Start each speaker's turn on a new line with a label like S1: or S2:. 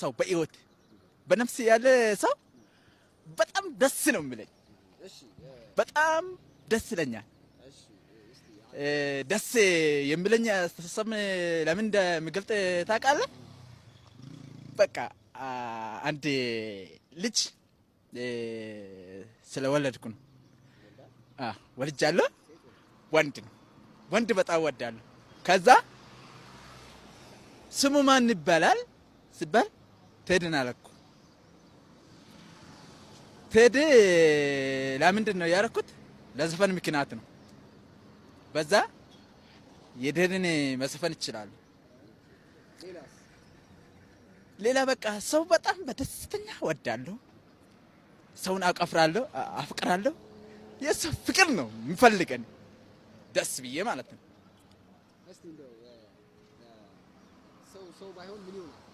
S1: ሰው በህይወት በነፍስ ያለ ሰው በጣም ደስ ነው የሚለኝ። በጣም ደስ ይለኛል። ደስ የሚለኝ አስተሳሰብ ለምን እንደሚገልጥ ታውቃለህ? በቃ አንድ ልጅ ስለወለድኩ ነው። ወልጃለሁ። ወንድ ነው። ወንድ በጣም ወዳለሁ። ከዛ ስሙ ማን ይባላል ሲባል ቴድን አለኩ። ቴድ ለምንድን ነው ያረኩት? ለዘፈን ምክንያት ነው። በዛ የቴድን መዘፈን ይችላሉ። ሌላ በቃ ሰው በጣም በደስተኛ ወዳለሁ፣ ሰውን አቀፍራለሁ፣ አፍቅራለሁ። የሰው ፍቅር ነው የምፈልገን ደስ ብዬ ማለት ነው። ሰው ባይሆን ምን ይሆናል?